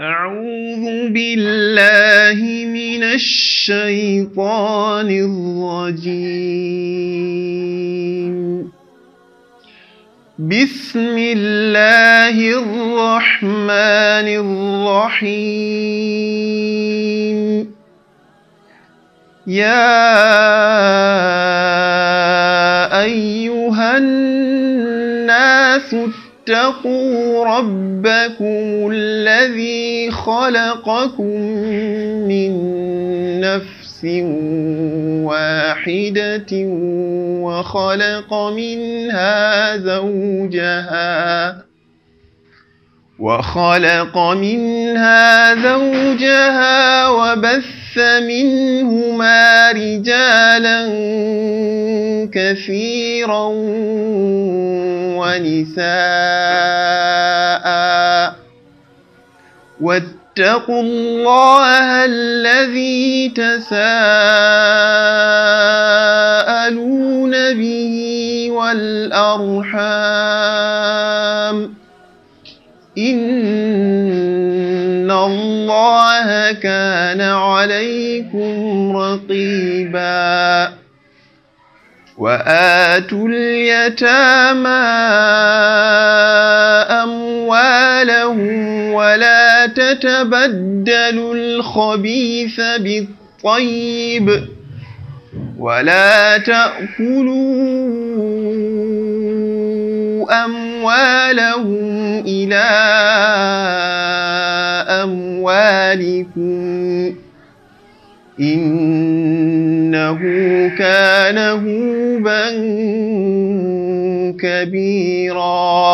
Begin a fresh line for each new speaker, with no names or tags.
أعوذ بالله من الشيطان الرجيم بسم الله الرحمن الرحيم يا أيها الناس واتقوا ربكم الذي خلقكم من نفس واحدة وخلق منها زوجها وخلق منها زوجها وبث منهما رجالا كثيرا ونساء واتقوا الله الذي تساءلون به والأرحام إن الله كان عليكم رقيباً وآتوا اليتامى أموالهم ولا تتبدلوا الخبيث بالطيب ولا تأكلوا أموالهم إلى أموالكم إن إنه كان هوبا كبيرا